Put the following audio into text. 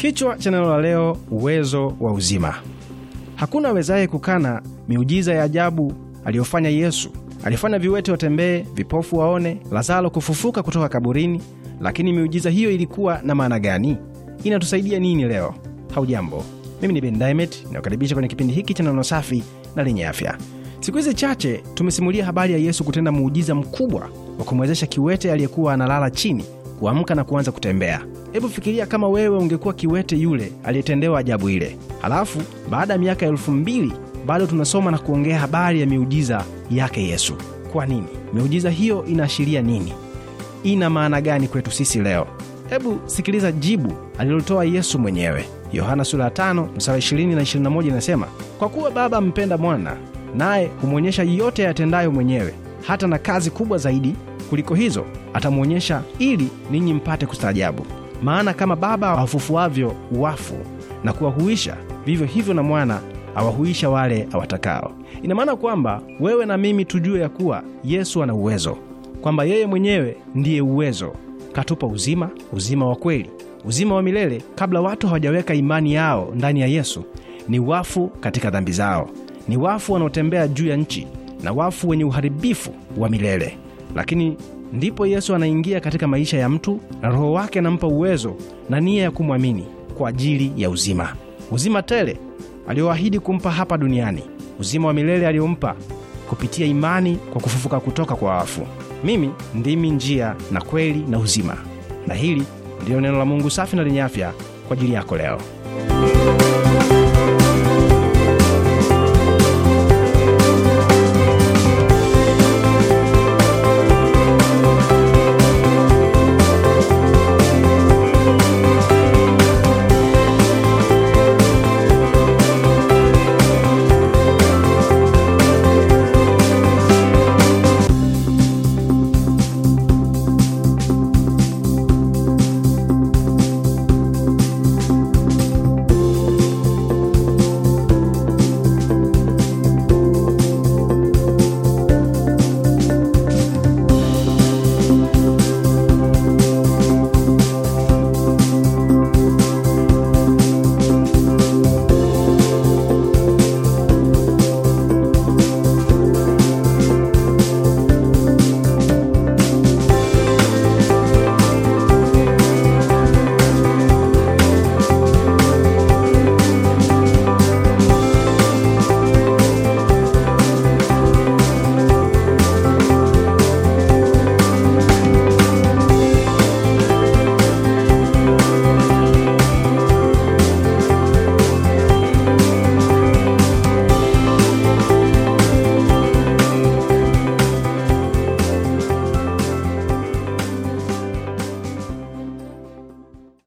Kichwa cha neno la leo: uwezo wa uzima. Hakuna awezaye kukana miujiza ya ajabu aliyofanya Yesu. Alifanya viwete watembee, vipofu waone, Lazaro kufufuka kutoka kaburini. Lakini miujiza hiyo ilikuwa na maana gani? Inatusaidia nini leo? Haujambo, mimi ni Ben Diamond nakukaribisha kwenye kipindi hiki cha neno safi na lenye afya. Siku hizi chache tumesimulia habari ya Yesu kutenda muujiza mkubwa wa kumwezesha kiwete aliyekuwa analala chini kuamka na kuanza kutembea. Hebu fikiria kama wewe ungekuwa kiwete yule aliyetendewa ajabu ile. Halafu baada ya miaka elfu mbili bado tunasoma na kuongea habari ya miujiza yake Yesu. Kwa nini? Miujiza hiyo inaashiria nini? Ina maana gani kwetu sisi leo? Hebu sikiliza jibu alilotoa Yesu mwenyewe. Yohana sura ya 5 mstari 20 na 21 inasema, kwa kuwa Baba ampenda Mwana naye humwonyesha yote yatendayo mwenyewe, hata na kazi kubwa zaidi kuliko hizo, atamwonyesha ili ninyi mpate kustaajabu. Maana kama Baba awafufuavyo wafu na kuwahuisha, vivyo hivyo na Mwana awahuisha wale awatakao. Ina maana kwamba wewe na mimi tujue ya kuwa Yesu ana uwezo, kwamba yeye mwenyewe ndiye uwezo. Katupa uzima, uzima wa kweli, uzima wa milele. Kabla watu hawajaweka imani yao ndani ya Yesu, ni wafu katika dhambi zao, ni wafu wanaotembea juu ya nchi, na wafu wenye uharibifu wa milele lakini ndipo Yesu anaingia katika maisha ya mtu na Roho wake anampa uwezo na nia ya kumwamini kwa ajili ya uzima, uzima tele alioahidi kumpa hapa duniani, uzima wa milele aliyompa kupitia imani kwa kufufuka kutoka kwa wafu. Mimi ndimi njia na kweli na uzima, na hili ndilo neno la Mungu safi na lenye afya kwa ajili yako leo.